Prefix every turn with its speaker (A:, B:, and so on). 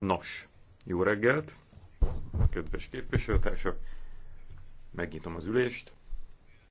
A: Nos, jó reggelt, kedves képviselőtársak, megnyitom az ülést.